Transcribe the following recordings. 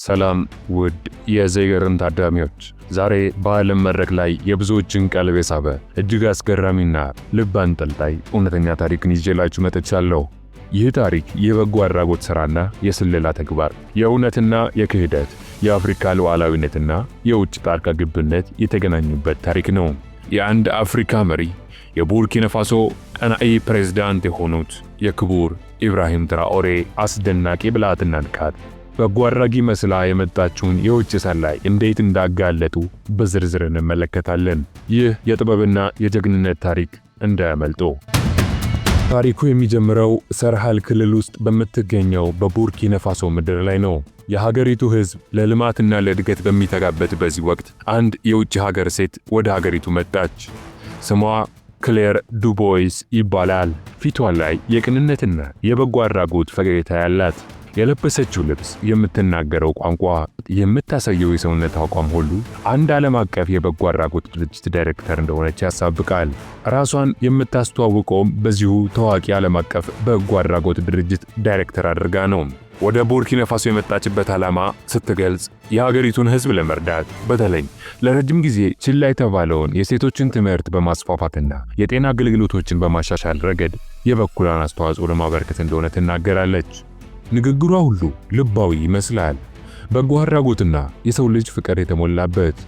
ሰላም ውድ የዘይገርም ታዳሚዎች፣ ዛሬ በዓለም መድረክ ላይ የብዙዎችን ቀልብ የሳበ እጅግ አስገራሚና ልብ አንጠልጣይ እውነተኛ ታሪክን ይዤላችሁ መጥቻለሁ። ይህ ታሪክ የበጎ አድራጎት ሥራና የስለላ ተግባር፣ የእውነትና የክህደት፣ የአፍሪካ ሉዓላዊነትና የውጭ ጣልቃ ግብነት የተገናኙበት ታሪክ ነው። የአንድ አፍሪካ መሪ የቡርኪና ፋሶ ቀናኢ ፕሬዝዳንት የሆኑት የክቡር ኢብራሂም ትራኦሬ አስደናቂ ብልሃትና ንቃት በጎ አድራጊ መስላ የመጣችውን የውጭ ሰላይ እንዴት እንዳጋለጡ በዝርዝር እንመለከታለን። ይህ የጥበብና የጀግንነት ታሪክ እንዳያመልጦ። ታሪኩ የሚጀምረው ሰርሃል ክልል ውስጥ በምትገኘው በቡርኪናፋሶ ምድር ላይ ነው። የሀገሪቱ ሕዝብ ለልማትና ለእድገት በሚተጋበት በዚህ ወቅት አንድ የውጭ ሀገር ሴት ወደ ሀገሪቱ መጣች። ስሟ ክሌር ዱቦይስ ይባላል። ፊቷ ላይ የቅንነትና የበጎ አድራጎት ፈገግታ ያላት የለበሰችው ልብስ፣ የምትናገረው ቋንቋ፣ የምታሳየው የሰውነት አቋም ሁሉ አንድ ዓለም አቀፍ የበጎ አድራጎት ድርጅት ዳይሬክተር እንደሆነች ያሳብቃል። ራሷን የምታስተዋውቀውም በዚሁ ታዋቂ ዓለም አቀፍ በጎ አድራጎት ድርጅት ዳይሬክተር አድርጋ ነው። ወደ ቡርኪና ፋሶ የመጣችበት ዓላማ ስትገልጽ የሀገሪቱን ሕዝብ ለመርዳት በተለይ ለረጅም ጊዜ ችላ የተባለውን የሴቶችን ትምህርት በማስፋፋትና የጤና አገልግሎቶችን በማሻሻል ረገድ የበኩሏን አስተዋጽኦ ለማበረከት እንደሆነ ትናገራለች። ንግግሯ ሁሉ ልባዊ ይመስላል። በጎ አድራጎትና የሰው ልጅ ፍቅር የተሞላበት።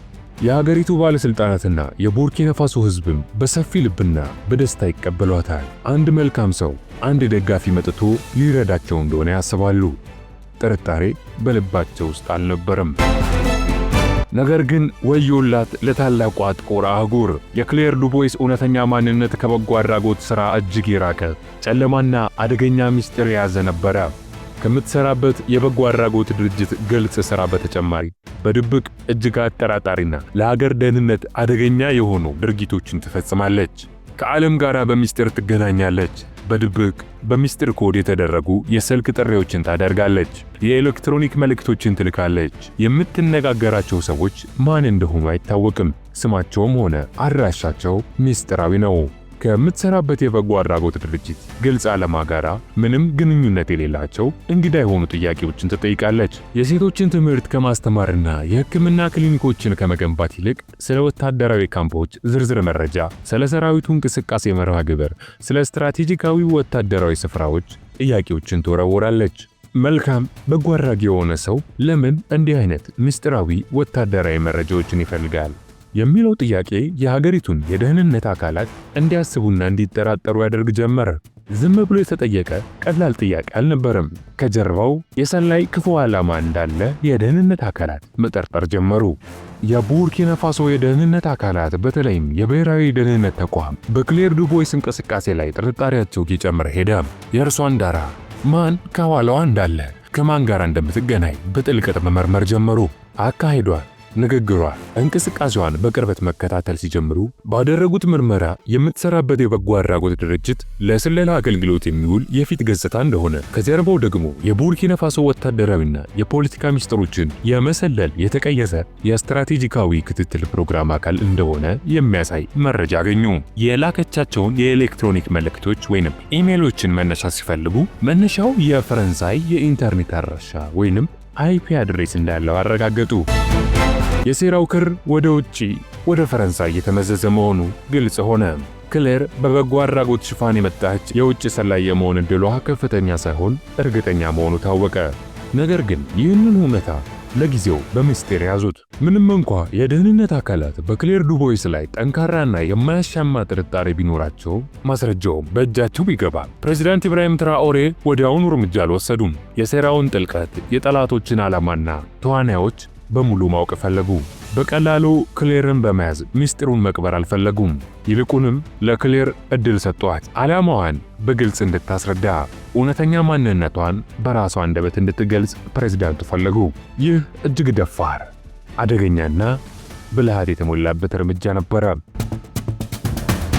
የሀገሪቱ ባለስልጣናትና የቡርኪና ፋሶ ሕዝብም በሰፊ ልብና በደስታ ይቀበሏታል። አንድ መልካም ሰው፣ አንድ ደጋፊ መጥቶ ሊረዳቸው እንደሆነ ያስባሉ። ጥርጣሬ በልባቸው ውስጥ አልነበረም። ነገር ግን ወዮላት ለታላቋ ጥቁር አህጉር! የክሌር ዱቦይስ እውነተኛ ማንነት ከበጎ አድራጎት ሥራ እጅግ የራቀ ጨለማና አደገኛ ምስጢር የያዘ ነበረ። ከምትሰራበት የበጎ አድራጎት ድርጅት ግልጽ ስራ በተጨማሪ በድብቅ እጅግ አጠራጣሪና ለሀገር ደህንነት አደገኛ የሆኑ ድርጊቶችን ትፈጽማለች። ከዓለም ጋር በሚስጢር ትገናኛለች። በድብቅ በሚስጢር ኮድ የተደረጉ የስልክ ጥሪዎችን ታደርጋለች። የኤሌክትሮኒክ መልእክቶችን ትልካለች። የምትነጋገራቸው ሰዎች ማን እንደሆኑ አይታወቅም። ስማቸውም ሆነ አድራሻቸው ምስጢራዊ ነው። ከምትሰራበት የበጎ አድራጎት ድርጅት ግልጽ ዓላማ ጋር ምንም ግንኙነት የሌላቸው እንግዳ የሆኑ ጥያቄዎችን ትጠይቃለች። የሴቶችን ትምህርት ከማስተማርና የሕክምና ክሊኒኮችን ከመገንባት ይልቅ ስለ ወታደራዊ ካምፖች ዝርዝር መረጃ፣ ስለ ሰራዊቱ እንቅስቃሴ መርሃ ግብር፣ ስለ ስትራቴጂካዊ ወታደራዊ ስፍራዎች ጥያቄዎችን ትወረውራለች። መልካም በጎ አድራጊ የሆነ ሰው ለምን እንዲህ አይነት ምስጢራዊ ወታደራዊ መረጃዎችን ይፈልጋል? የሚለው ጥያቄ የሀገሪቱን የደህንነት አካላት እንዲያስቡና እንዲጠራጠሩ ያደርግ ጀመር። ዝም ብሎ የተጠየቀ ቀላል ጥያቄ አልነበረም። ከጀርባው የሰላይ ክፉ ዓላማ እንዳለ የደህንነት አካላት መጠርጠር ጀመሩ። የቡርኪና ፋሶ የደህንነት አካላት በተለይም የብሔራዊ ደህንነት ተቋም በክሌር ዱቦይስ እንቅስቃሴ ላይ ጥርጣሬያቸው እየጨመረ ሄደ። የእርሷን ዳራ ማን ከኋላዋ እንዳለ ከማን ጋር እንደምትገናኝ በጥልቀት መመርመር ጀመሩ። አካሂዷ ንግግሯ እንቅስቃሴዋን በቅርበት መከታተል ሲጀምሩ ባደረጉት ምርመራ የምትሰራበት የበጎ አድራጎት ድርጅት ለስለላ አገልግሎት የሚውል የፊት ገጽታ እንደሆነ ከጀርባው ደግሞ የቡርኪና ፋሶ ወታደራዊና የፖለቲካ ሚስጥሮችን የመሰለል የተቀየሰ የስትራቴጂካዊ ክትትል ፕሮግራም አካል እንደሆነ የሚያሳይ መረጃ አገኙ። የላከቻቸውን የኤሌክትሮኒክ መልእክቶች ወይንም ኢሜሎችን መነሻ ሲፈልጉ መነሻው የፈረንሳይ የኢንተርኔት አድራሻ ወይንም አይፒ አድሬስ እንዳለው አረጋገጡ። የሴራው ክር ወደ ውጪ ወደ ፈረንሳይ የተመዘዘ መሆኑ ግልጽ ሆነ። ክሌር በበጎ አድራጎት ሽፋን የመጣች የውጭ ሰላይ የመሆን እድሏ ከፍተኛ ሳይሆን እርግጠኛ መሆኑ ታወቀ። ነገር ግን ይህንን እውነታ ለጊዜው በምስጢር ያዙት። ምንም እንኳ የደህንነት አካላት በክሌር ዱቦይስ ላይ ጠንካራና የማያሻማ ጥርጣሬ ቢኖራቸው ማስረጃውም በእጃቸው ቢገባ ፕሬዚዳንት ኢብራሂም ትራኦሬ ወዲያውኑ እርምጃ አልወሰዱም። የሴራውን ጥልቀት፣ የጠላቶችን ዓላማና ተዋናዮች በሙሉ ማወቅ ፈለጉ። በቀላሉ ክሌርን በመያዝ ምስጢሩን መቅበር አልፈለጉም። ይልቁንም ለክሌር እድል ሰጧት። ዓላማዋን በግልጽ እንድታስረዳ፣ እውነተኛ ማንነቷን በራሷ አንደበት እንድትገልጽ ፕሬዝዳንቱ ፈለጉ። ይህ እጅግ ደፋር፣ አደገኛና ብልሃት የተሞላበት እርምጃ ነበረ።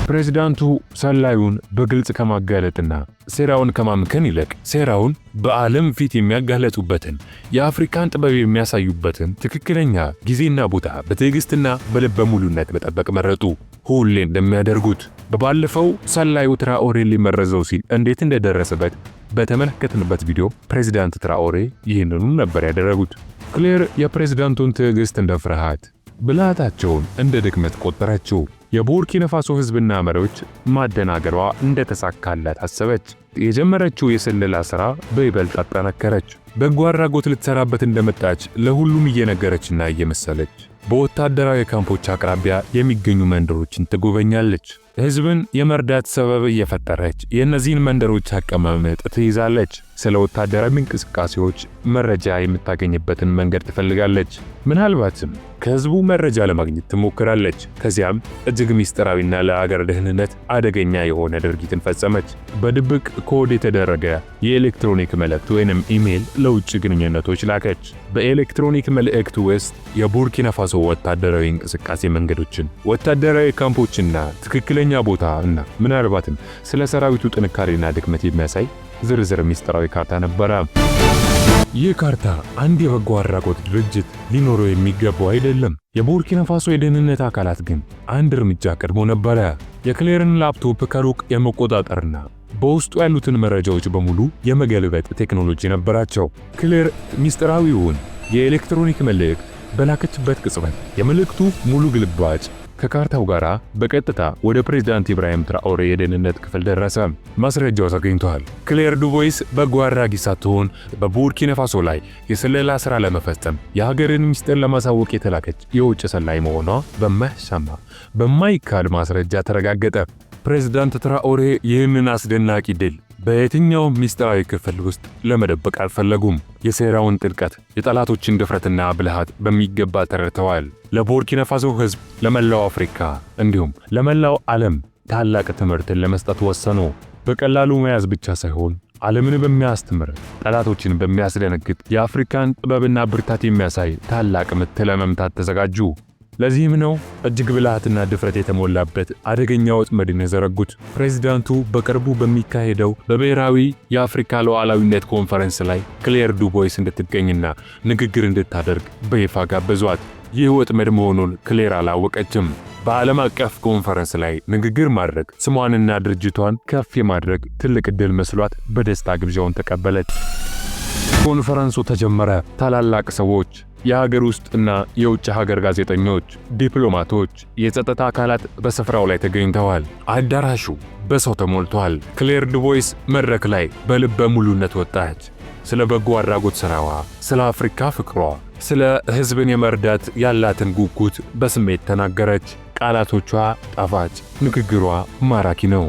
ፕሬዚዳንቱ ሰላዩን በግልጽ ከማጋለጥና ሴራውን ከማምከን ይልቅ ሴራውን በዓለም ፊት የሚያጋለጡበትን የአፍሪካን ጥበብ የሚያሳዩበትን ትክክለኛ ጊዜና ቦታ በትዕግስትና በልበ ሙሉነት መጠበቅ መረጡ። ሁሌ እንደሚያደርጉት በባለፈው ሰላዩ ትራኦሬ ሊመረዘው ሲል እንዴት እንደደረሰበት በተመለከትንበት ቪዲዮ ፕሬዚዳንት ትራኦሬ ይህንኑ ነበር ያደረጉት። ክሌር የፕሬዚዳንቱን ትዕግስት እንደ ፍርሃት፣ ብልሃታቸውን እንደ ድክመት ቆጠረችው። የቡርኪና ፋሶ ህዝብና መሪዎች ማደናገሯ እንደተሳካላት አሰበች። የጀመረችው የስለላ ሥራ በይበልጥ አጠናከረች። በጎ አድራጎት ልትሰራበት እንደመጣች ለሁሉም እየነገረችና እየመሰለች በወታደራዊ ካምፖች አቅራቢያ የሚገኙ መንደሮችን ትጎበኛለች። ህዝብን የመርዳት ሰበብ እየፈጠረች የእነዚህን መንደሮች አቀማመጥ ትይዛለች። ስለ ወታደራዊ እንቅስቃሴዎች መረጃ የምታገኝበትን መንገድ ትፈልጋለች። ምናልባትም ከህዝቡ መረጃ ለማግኘት ትሞክራለች። ከዚያም እጅግ ሚስጥራዊና ለአገር ደህንነት አደገኛ የሆነ ድርጊትን ፈጸመች። በድብቅ ኮድ የተደረገ የኤሌክትሮኒክ መልእክት ወይንም ኢሜይል ለውጭ ግንኙነቶች ላከች። በኤሌክትሮኒክ መልእክት ውስጥ የቡርኪናፋሶ ወታደራዊ እንቅስቃሴ መንገዶችን፣ ወታደራዊ ካምፖችና ትክክለ የእኛ ቦታ እና ምናልባትም ስለ ሰራዊቱ ጥንካሬና ድክመት የሚያሳይ ዝርዝር ሚስጥራዊ ካርታ ነበረ። ይህ ካርታ አንድ የበጎ አድራጎት ድርጅት ሊኖረው የሚገባው አይደለም። የቡርኪና ፋሶ የደህንነት አካላት ግን አንድ እርምጃ ቀድሞ ነበረ። የክሌርን ላፕቶፕ ከሩቅ የመቆጣጠርና በውስጡ ያሉትን መረጃዎች በሙሉ የመገልበጥ ቴክኖሎጂ ነበራቸው። ክሌር ሚስጥራዊውን የኤሌክትሮኒክ መልእክት በላከችበት ቅጽበት የመልእክቱ ሙሉ ግልባጭ ከካርታው ጋር በቀጥታ ወደ ፕሬዝዳንት ኢብራሂም ትራኦሬ የደህንነት ክፍል ደረሰ። ማስረጃው ተገኝቷል። ክሌር ዱቦይስ በጎ አድራጊ ሳትሆን በቡርኪና ላይ የስለላ ስራ ለመፈጸም የሀገርን ምስጢር ለማሳወቅ የተላከች የውጭ ሰላይ መሆኗ በማያሻማ በማይካድ ማስረጃ ተረጋገጠ። ፕሬዝዳንት ትራኦሬ ይህንን አስደናቂ ድል በየትኛውም ምስጢራዊ ክፍል ውስጥ ለመደበቅ አልፈለጉም። የሴራውን ጥልቀት፣ የጠላቶችን ድፍረትና ብልሃት በሚገባ ተረድተዋል። ለቡርኪና ፋሶ ሕዝብ፣ ለመላው አፍሪካ እንዲሁም ለመላው ዓለም ታላቅ ትምህርትን ለመስጠት ወሰኑ። በቀላሉ መያዝ ብቻ ሳይሆን ዓለምን በሚያስተምር ጠላቶችን በሚያስደነግጥ የአፍሪካን ጥበብና ብርታት የሚያሳይ ታላቅ ምት ለመምታት ተዘጋጁ። ለዚህም ነው እጅግ ብልሃትና ድፍረት የተሞላበት አደገኛ ወጥመድን የዘረጉት። ፕሬዚዳንቱ በቅርቡ በሚካሄደው በብሔራዊ የአፍሪካ ሉዓላዊነት ኮንፈረንስ ላይ ክሌር ዱቦይስ እንድትገኝና ንግግር እንድታደርግ በይፋ ጋበዟት። ይህ ወጥመድ መሆኑን ክሌር አላወቀችም። በዓለም አቀፍ ኮንፈረንስ ላይ ንግግር ማድረግ ስሟንና ድርጅቷን ከፍ የማድረግ ትልቅ ዕድል መስሏት በደስታ ግብዣውን ተቀበለች። ኮንፈረንሱ ተጀመረ። ታላላቅ ሰዎች የሀገር ውስጥና የውጭ ሀገር ጋዜጠኞች፣ ዲፕሎማቶች፣ የጸጥታ አካላት በስፍራው ላይ ተገኝተዋል። አዳራሹ በሰው ተሞልቷል። ክሌር ድቮይስ መድረክ ላይ በልበ ሙሉነት ወጣች። ስለ በጎ አድራጎት ሥራዋ፣ ስለ አፍሪካ ፍቅሯ፣ ስለ ሕዝብን የመርዳት ያላትን ጉጉት በስሜት ተናገረች። ቃላቶቿ ጣፋጭ፣ ንግግሯ ማራኪ ነው።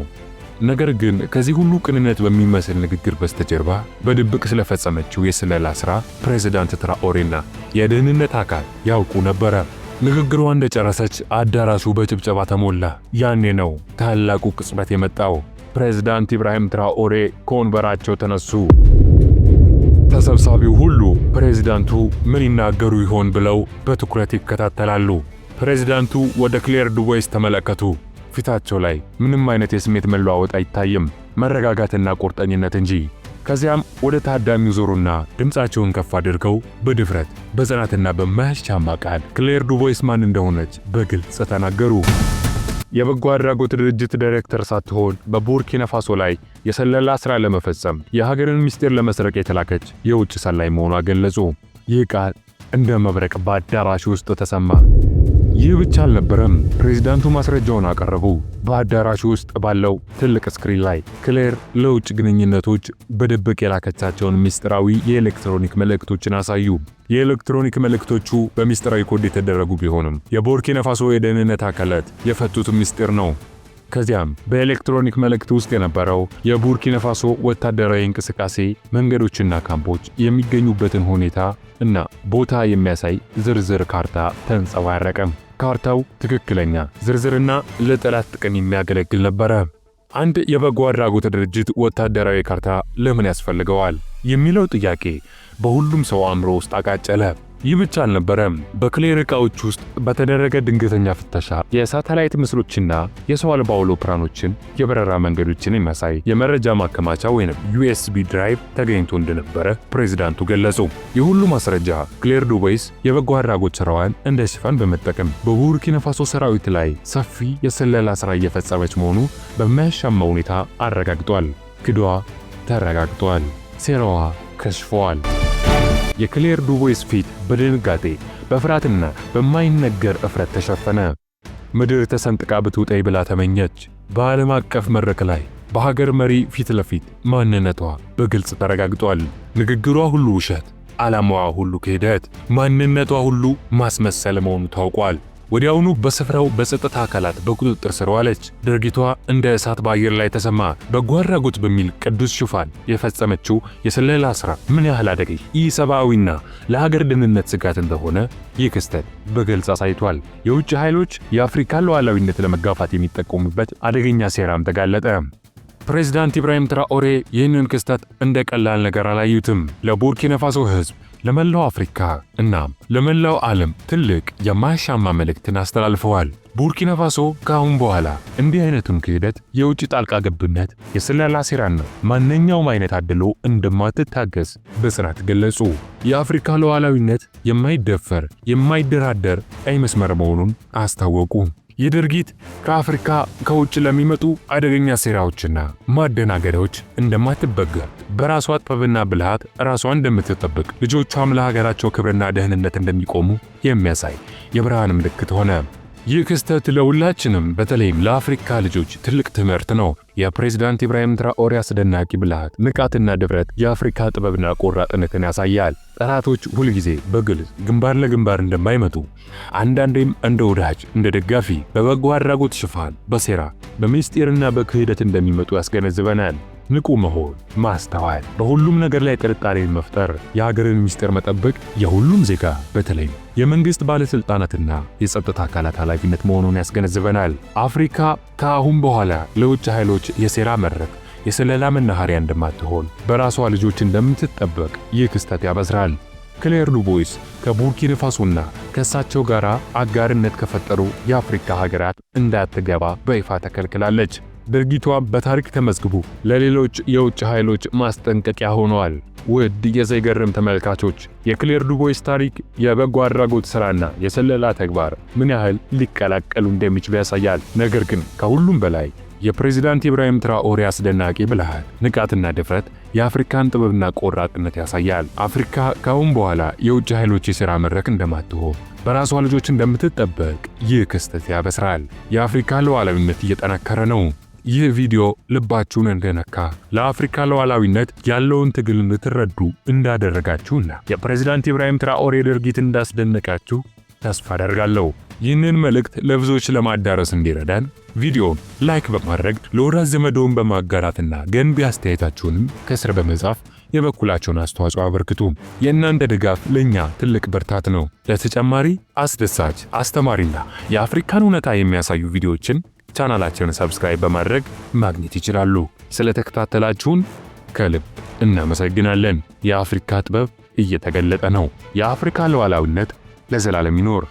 ነገር ግን ከዚህ ሁሉ ቅንነት በሚመስል ንግግር በስተጀርባ በድብቅ ስለፈጸመችው የስለላ ሥራ ፕሬዝዳንት ትራኦሬና የደህንነት አካል ያውቁ ነበረ። ንግግሯ እንደጨረሰች አዳራሹ በጭብጨባ ተሞላ። ያኔ ነው ታላቁ ቅጽበት የመጣው። ፕሬዝዳንት ኢብራሂም ትራኦሬ ከወንበራቸው ተነሱ። ተሰብሳቢው ሁሉ ፕሬዝዳንቱ ምን ይናገሩ ይሆን ብለው በትኩረት ይከታተላሉ። ፕሬዚዳንቱ ወደ ክሌር ዱቦይስ ተመለከቱ። ፊታቸው ላይ ምንም አይነት የስሜት መለዋወጥ አይታይም፣ መረጋጋትና ቁርጠኝነት እንጂ። ከዚያም ወደ ታዳሚው ዞሩና ድምፃቸውን ከፍ አድርገው በድፍረት በጽናትና በማያሻማ ቃል ክሌር ዱቮይስ ማን እንደሆነች በግልጽ ተናገሩ። የበጎ አድራጎት ድርጅት ዳይሬክተር ሳትሆን በቡርኪና ፋሶ ላይ የሰለላ ስራ ለመፈጸም የሀገርን ምስጢር ለመስረቅ የተላከች የውጭ ሰላይ መሆኗ ገለጹ። ይህ ቃል እንደ መብረቅ በአዳራሽ ውስጥ ተሰማ። ይህ ብቻ አልነበረም። ፕሬዚዳንቱ ማስረጃውን አቀረቡ። በአዳራሹ ውስጥ ባለው ትልቅ ስክሪን ላይ ክሌር ለውጭ ግንኙነቶች በድብቅ የላከቻቸውን ምስጢራዊ የኤሌክትሮኒክ መልእክቶችን አሳዩ። የኤሌክትሮኒክ መልእክቶቹ በምስጢራዊ ኮድ የተደረጉ ቢሆንም የቡርኪናፋሶ የደህንነት አካላት የፈቱት ምስጢር ነው። ከዚያም በኤሌክትሮኒክ መልእክት ውስጥ የነበረው የቡርኪናፋሶ ወታደራዊ እንቅስቃሴ መንገዶችና ካምፖች የሚገኙበትን ሁኔታ እና ቦታ የሚያሳይ ዝርዝር ካርታ ተንጸባረቀም። ካርታው ትክክለኛ ዝርዝርና ለጠላት ጥቅም የሚያገለግል ነበረ። አንድ የበጎ አድራጎት ድርጅት ወታደራዊ ካርታ ለምን ያስፈልገዋል የሚለው ጥያቄ በሁሉም ሰው አእምሮ ውስጥ አቃጨለ። ይህ ብቻ አልነበረም። በክሌር ዕቃዎች ውስጥ በተደረገ ድንገተኛ ፍተሻ የሳተላይት ምስሎችና የሰው አልባ አውሮፕላኖችን የበረራ መንገዶችን የሚያሳይ የመረጃ ማከማቻ ወይም ዩኤስቢ ድራይቭ ተገኝቶ እንደነበረ ፕሬዚዳንቱ ገለጹ። የሁሉ ማስረጃ ክሌር ዱቤይስ የበጎ አድራጎት ስራዋን እንደ ሽፋን በመጠቀም በቡርኪናፋሶ ሰራዊት ላይ ሰፊ የስለላ ስራ እየፈጸመች መሆኑ በማያሻማ ሁኔታ አረጋግጧል። ክዷ ተረጋግጧል። ሴራዋ ከሽፏል። የክሌር ዱቦይስ ፊት በድንጋጤ በፍርሃትና በማይነገር እፍረት ተሸፈነ። ምድር ተሰንጥቃ ብትውጠይ ብላ ተመኘች። በዓለም አቀፍ መድረክ ላይ በሀገር መሪ ፊት ለፊት ማንነቷ በግልጽ ተረጋግጧል። ንግግሯ ሁሉ ውሸት፣ ዓላማዋ ሁሉ ክህደት፣ ማንነቷ ሁሉ ማስመሰል መሆኑ ታውቋል። ወዲያውኑ በስፍራው በጸጥታ አካላት በቁጥጥር ስር ዋለች። ድርጊቷ እንደ እሳት በአየር ላይ ተሰማ። በጎ አድራጎት በሚል ቅዱስ ሽፋን የፈጸመችው የስለላ ስራ ምን ያህል አደገኝ ኢሰብአዊና ለሀገር ደህንነት ስጋት እንደሆነ ይህ ክስተት በግልጽ አሳይቷል። የውጭ ኃይሎች የአፍሪካን ሉዓላዊነት ለመጋፋት የሚጠቀሙበት አደገኛ ሴራም ተጋለጠ። ፕሬዚዳንት ኢብራሂም ትራኦሬ ይህንን ክስተት እንደ ቀላል ነገር አላዩትም። ለቡርኪና ፋሶ ህዝብ፣ ለመላው አፍሪካ እና ለመላው ዓለም ትልቅ የማያሻማ መልእክትን አስተላልፈዋል። ቡርኪና ፋሶ ከአሁን በኋላ እንዲህ አይነቱን ክህደት፣ የውጭ ጣልቃ ገብነት፣ የስለላ ሴራና ማንኛውም አይነት አድሎ እንደማትታገስ በጽናት ገለጹ። የአፍሪካ ሉዓላዊነት የማይደፈር የማይደራደር ቀይ መስመር መሆኑን አስታወቁ። ይህ ድርጊት ከአፍሪካ ከውጭ ለሚመጡ አደገኛ ሴራዎችና ማደናገሪያዎች እንደማትበገር በራሷ ጥበብና ብልሃት ራሷን እንደምትጠብቅ ልጆቿም ለሀገራቸው ክብርና ደህንነት እንደሚቆሙ የሚያሳይ የብርሃን ምልክት ሆነ። ይህ ክስተት ለሁላችንም በተለይም ለአፍሪካ ልጆች ትልቅ ትምህርት ነው። የፕሬዝዳንት ኢብራሂም ትራኦሬ አስደናቂ ብልሃት፣ ንቃትና ድፍረት የአፍሪካ ጥበብና ቆራጥነትን ያሳያል። ጠላቶች ሁልጊዜ በግልጽ ግንባር ለግንባር እንደማይመጡ አንዳንዴም እንደ ወዳጅ፣ እንደ ደጋፊ፣ በበጎ አድራጎት ሽፋን፣ በሴራ በምስጢርና በክህደት እንደሚመጡ ያስገነዝበናል። ንቁ መሆን፣ ማስተዋል፣ በሁሉም ነገር ላይ ጥርጣሬን መፍጠር፣ የሀገርን ምስጢር መጠበቅ የሁሉም ዜጋ በተለይም የመንግስት ባለስልጣናትና የጸጥታ አካላት ኃላፊነት መሆኑን ያስገነዝበናል። አፍሪካ ከአሁን በኋላ ለውጭ ኃይሎች የሴራ መድረክ የስለላ መናኸሪያ እንደማትሆን በራሷ ልጆች እንደምትጠበቅ ይህ ክስተት ያበስራል። ክሌር ሉቦይስ ከቡርኪና ፋሶና ከእሳቸው ጋር አጋርነት ከፈጠሩ የአፍሪካ ሀገራት እንዳትገባ በይፋ ተከልክላለች። ድርጊቷ በታሪክ ተመዝግቦ ለሌሎች የውጭ ኃይሎች ማስጠንቀቂያ ሆኗል። ውድ የዘይገርም ተመልካቾች የክሌር ዱቦይስ ታሪክ የበጎ አድራጎት ሥራና የስለላ ተግባር ምን ያህል ሊቀላቀሉ እንደሚችሉ ያሳያል። ነገር ግን ከሁሉም በላይ የፕሬዚዳንት ኢብራሂም ትራኦሬ አስደናቂ ብልሃት፣ ንቃትና ድፍረት የአፍሪካን ጥበብና ቆራጥነት ያሳያል። አፍሪካ ካሁን በኋላ የውጭ ኃይሎች የሥራ መድረክ እንደማትሆን፣ በራሷ ልጆች እንደምትጠበቅ ይህ ክስተት ያበስራል። የአፍሪካ ሉዓላዊነት እየጠናከረ ነው። ይህ ቪዲዮ ልባችሁን እንደነካ ለአፍሪካ ሉዓላዊነት ያለውን ትግል እንድትረዱ እንዳደረጋችሁና የፕሬዝዳንት ኢብራሂም ትራኦሬ ድርጊት እንዳስደነቃችሁ ተስፋ አደርጋለሁ። ይህንን መልእክት ለብዙዎች ለማዳረስ እንዲረዳን ቪዲዮውን ላይክ በማድረግ ለወዳጅ ዘመዶውን በማጋራትና ገንቢ አስተያየታችሁንም ከስር በመጻፍ የበኩላቸውን አስተዋጽኦ አበርክቱ። የእናንተ ድጋፍ ለእኛ ትልቅ ብርታት ነው። ለተጨማሪ አስደሳች አስተማሪና የአፍሪካን እውነታ የሚያሳዩ ቪዲዮዎችን ቻናላችንን ሰብስክራይብ በማድረግ ማግኘት ይችላሉ። ስለተከታተላችሁን ከልብ እናመሰግናለን። የአፍሪካ ጥበብ እየተገለጠ ነው። የአፍሪካ ሉዓላዊነት ለዘላለም ይኖር።